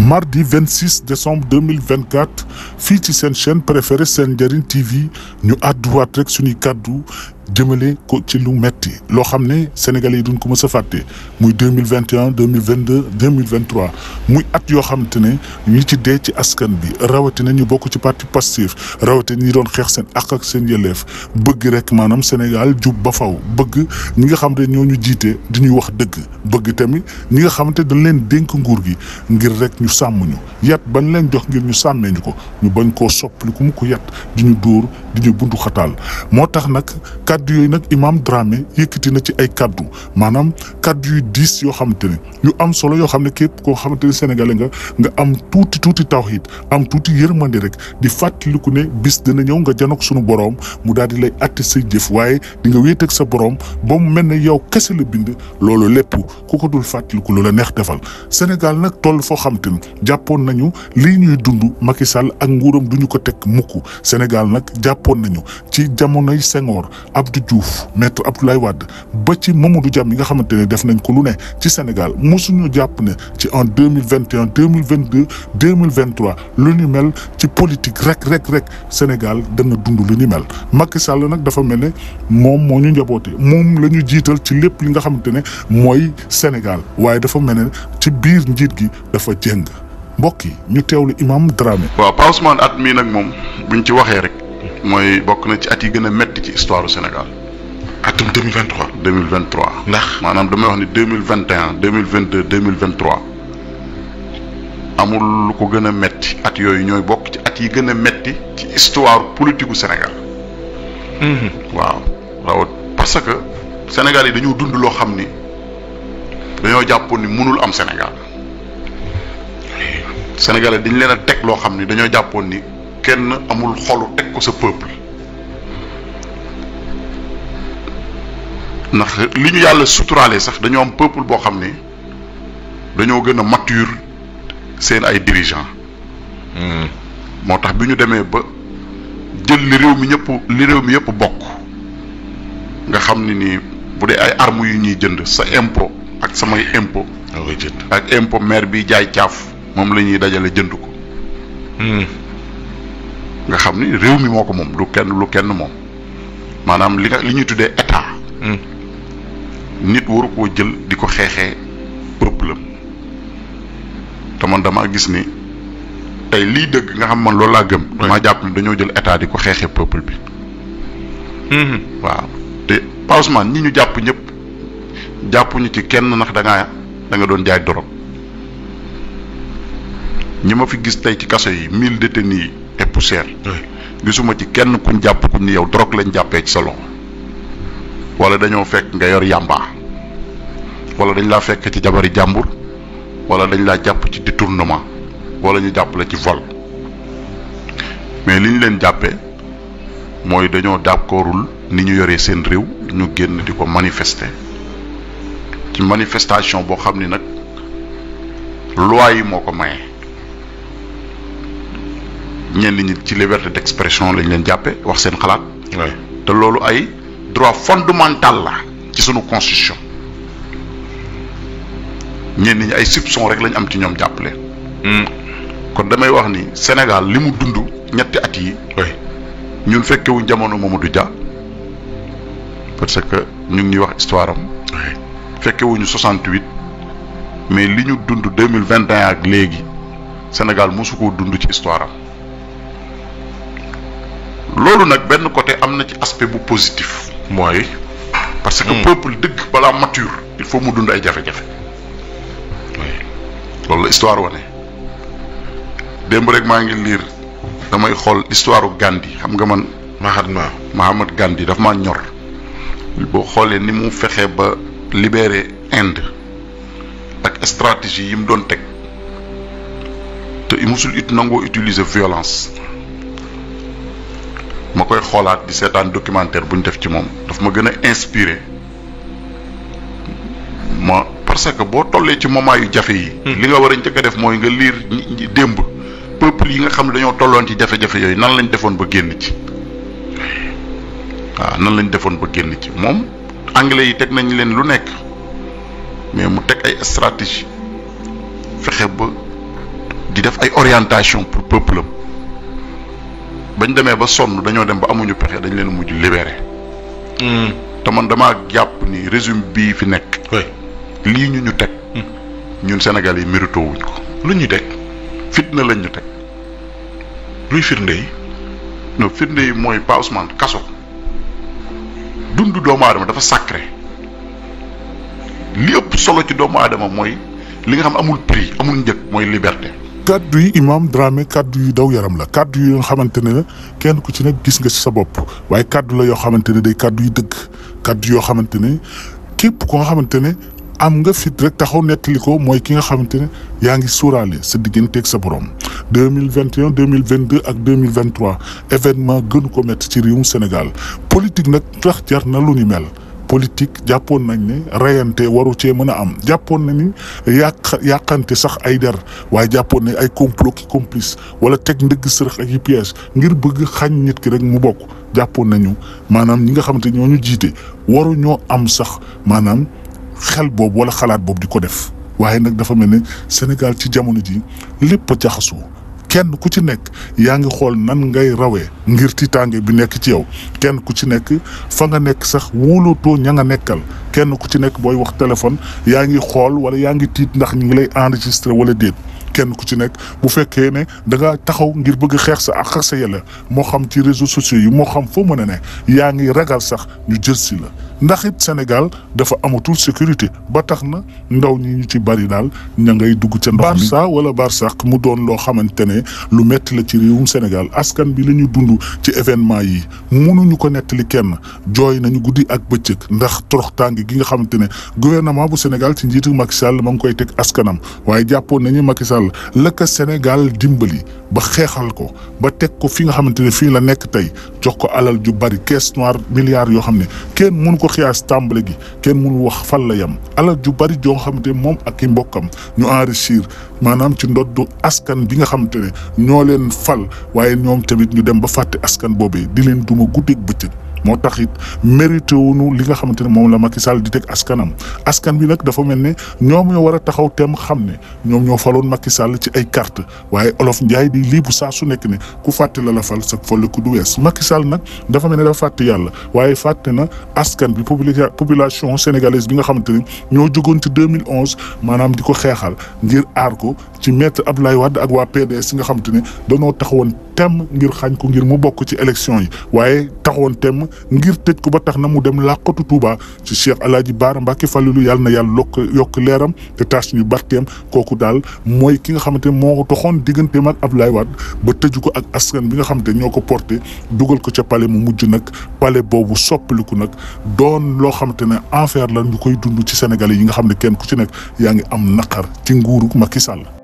mardi 26 décembre 2024 Fitch ci chaîne préférée sen TV ñu àdduwaat rek suñu cadeau jëmale ko ci lu metti lo xamné Sénégalais yi duñ ko mës faté muy 2021 2022 2023 muy at yo xamante ne ñi ci dé ci askan bi rawatina ñu bokku ci parti passif rawati ñi doon xex seen ak ak seen yelleef bëgg rek manam Sénégal jub ba faw bëgg ñi nga xamné ñoñu jité ñu di ñuy wax dëgg bëgg tamit ñi nga xamante dañ leen dénk nguur gi ngir rek ñu sàmm ñu yat bañ leen jox ngir ñu sàmmee ñu ko ñu bañ ko soppali ku ko yat di ñu dóor di ñu buntu xatal motax nak kaddu yooyu nag Imaam Dramé yëkkati na ci ay kaddu maanaam kaddu yu diis yoo xamante ne yu am solo yoo xam ne képp koo xamante ne sénégalais nga nga am tuuti tuuti tawxiid am tuuti yërmande rek di fàttaliku ne bis dana ñëw nga janoog sunu boroom mu daal di lay atte say jëf waaye di nga wéet sa boroom ba mu mel ne yow kese la bind loolu lépp ku ko dul fàttaliku lu la neex defal Sénégal nag toll foo xamante ne jàppoon nañu lii ñuy dund Macky Sall ak nguuram du ñu ko teg mukk Sénégal nag jàppoon nañu ci jamonoy Senghor Abdou Diouf maître Abdoulaye Wade ba ci Mamadou Diam mi nga xamantene def nañ ko lu ne ci Sénégal musuñu japp ne ci en 2021 2022 2023 lu ni mel ci politique rek rek rek Sénégal dana dund lu ni mel Macky Sall nag dafa mel mom moñu njaboté mom lañu jital ci lépp li nga xamantene moy Sénégal waye dafa mel ci biir njit gi dafa jeng mbokki ñu tewlu imam Dramé. wa Pa Ousmane at mii nag moom buñ ci waxé rek. mooy bokk na ci at yi gën a métti ci histoire du Sénégal. atum 2023. 2023 ndax. maanaam damay wax ni 2021 2022 2023 amul lu ko gën a métti at yooyu ñooy bokk ci at yi gën a métti ci histoire politique gu Sénégal. Mhm. waaw rawat parce que Sénégal yi dañoo dund loo xam ni dañoo jàppoon ni mënul am Sénégal Sénégal yi dañu leen a teg loo xam ni dañoo jàppoon ni. kenn amul xolu teg ko sa peuple ndax li ñu yàlla suturaale sax dañoo am peuple boo xam ne dañoo gën a mature seen ay dirigeant hmm. moo tax bi ñu demee ba jël li réew mi ñëpp li réew mi yëpp bokk nga xam ne nii bu dee ay armes yu ñuy jënd sa impo ak samay impôt ak impôt maire bi jaay caaf moom la ñuy dajale jënd ko hmm. nga xamni ni mi moko mom moom du kenn lu kenn mom manam li nga li ñuy tuddé état hmm. nit waru ko jël diko xexé xeexee problème te man dama gis ni tay li deug nga xam man loolu la gëm dama japp ni dañoo jël état diko xexé peuple bi hmm. waaw te Pa ñi ñu ñep japp ñu ci kenn nak da nga da nga doon jaay dorog ñima fi gis tay ci kasso yi 1000 détenus té poussière gisuma ci kenn kuñ japp ku ni yow drogue lañ jappé ci salon wala dañoo fekk nga yor yamba wala dañ la fekk ci jabari jambour wala dañ la japp ci détournement wala ñu japp la ci vol mais liñ leen jappé moy dañoo d'accordul ni ñu yoré seen réew ñu genn di ko manifester ci manifestation bo xamni ni nak. loi yi moko mayé ñen ñi ci liberté d'expression lañ leen jappé wax seen xalaat té lolu ay droit fondamental la ci sunu constitution ñen ñi ay soupçon rek lañ am ci ñom jappalé hmm. kon damay wax ni Sénégal limu dundu ñetti at yi ñun wuñ jamono Mamadou Dia parce que ñu ngi wax histoire am fekkewuñu 68 mais liñu dundu 2021 ak légui Sénégal musuko dundu ci histoire am loolu nag ben côté amna ci aspect bu positif moy parce que hmm. peuple deug bala mature il faut mu dund ay jafé jafé oui. la histoire woné demb rek ma ngi lire damay xol histoire Gandhi xam nga man Mahatma Mahatma Gandhi daf ma ñor bo xolé ni mu fexé ba libérer Inde ak stratégie yi mu doon te imusul it nango utiliser violence ma koy xoolaat di seetaan documentaire bu ñu def ci moom dafa ma gën a inspiré ma parce que boo tollee ci moment yu jafe yi. Hmm. li nga war a njëkk a def mooy nga liir démb peuple yi nga xam dañoo tolloon ci jafe-jafe yooyu nan lañu defoon ba génn ci waaw nan lañ defoon ba génn ci moom anglais yi teg nañ leen lu nekk mais mu teg ay stratégie fexe ba di def ay orientation pour peuple bañ demee ba sonn dañoo dem ba amuñu pexe dañ leen mujj libéré. Hmm. te man damaa jàpp ni régime bii fi nekk. lii ñu ñu teg. Hmm. ñun Sénégal yi mérito wuñ ko. lu ñu teg fitna lañ ñu teg. luy firnde yi. firnde yi mooy Pa Ousmane kaso. dundu doomu aadama dafa sacré li ëpp solo ci doomu aadama mooy li nga xam amul prix amul njëg mooy liberte kaddu yi Imam Dramé kaddu yu daw yaram la kaddu yi nga xamante ne kenn ku ci nekk gis nga ci sa bopp waaye kàddu la yoo xamante ne day kàddu yu dëgg kaddu yoo xamante ne képp ko nga xamante ne am nga fit rek taxaw nettali ko mooy ki nga xamante ne yaa ngi suuraale sa digganteeg sa borom. deux mille vingt et un deux mille vingt deux ak deux mille vingt trois événement gënu ko métti ci réewum Sénégal politique nag tax jar na lu ni mel. politique jàppoon nañ ne reyante waru cee mën a am jàppoon nañu ni yàq yàqante sax ay der waaye jàppoon nañ ay complot ki complice wala teg ndëgg sërëx ak yi ngir bëgg xañ nit ki rek mu bokk jàppoon nañu maanaam ñi nga xamante ñoo ñu jiite waru ñoo am sax maanaam xel boobu wala xalaat boobu di ko def waaye nag dafa mel ne Sénégal ci jamono ji lépp a kenn ku ci nekk yaa ngi xool nan ngay rawee ngir tiitaange bi nekk ci yow kenn ku ci nekk fa nga nekk sax wóolootoo ña nga nekkal kenn ku ci nekk booy wax téléphone yaa ngi xool wala yaa ngi tiit ndax ñu ngi lay enregistré wala déet. kenn ku ci nekk bu fekkee ne da nga taxaw ngir bëgg xeex sa ak sa yella moo xam ci réseaux sociaux yi moo xam foo mën a ne yaa ngi ragal sax ñu jël si la. ndax it Sénégal dafa amatul sécurité ba tax na ndaw ñi ñu ci bari daal ña ngay dugg ca ndox mi Barça wala Barsaq mu doon loo xamante ne lu metti la ci réewum Sénégal askan bi la ñu dund ci événement yi mënuñu ko nettali kenn jooy nañu guddi ak bëccëg ndax toroxtaange gi nga xamante ne gouvernement bu Sénégal ci njiitu Macky Sall ma ngi koy teg askanam waaye jàppoon nañu Macky Sall la ko Sénégal dimbali ba xeexal ko ba teg ko fi nga xamante ne fii la nekk tey jox ko alal ju bari caisse noire milliards yoo xam ne xiyaas tàmbale gi kenn mënu wax fan la yem alal ju bari joo nga xamante moom ak i mbokkam ñu enrichir maanaam ci ndoddu askan bi nga xamante ne ñoo leen fal waaye ñoom tamit ñu dem ba fàtte askan boobee di leen duma guddeeg bëccëg moo tax it mérité li nga xamante ne moom la Macky Sall di teg askanam askan bi nag dafa mel ne ñoom ñoo war a taxaw tem xam ne ñoom ñoo faloon Macky Sall ci ay carte waaye olof Ndiaye di lii bu saa su nekk ne ku fàtte la la fal sa folliku du wees Macky Sall nag dafa mel ne dafa fàtte yàlla waaye fàtte na askan bi population sénégalaise bi nga xamante ne ñoo jógoon ci 2011 maanaam di ko xeexal ngir aar ko ci maître Abdoulaye Wade ak waa PDS yi nga xamante ne dañoo taxawoon temm ngir xaañ ko ngir mu bokk ci élection yi waaye taxawoon temm ngir tëj ko ba tax na mu dem làqatu Touba ci Cheikh Alaaji Baara Mbàkke Falilu yàlla na yàlla lokk yokk leeram te taas ñu barkeem kooku daal mooy ki nga xamante ne moo toxoon digganteem ab Abdoulaye Wade ba tëju ko ak askan bi nga xam xamante ñoo ko porté dugal ko ca pale mu mujj nag palais boobu soppaliku nag doon loo xamante ne enfer la ñu koy dund ci Sénégalais yi nga xam ne kenn ku ci nekk yaa ngi am naqar ci nguuru Macky Sall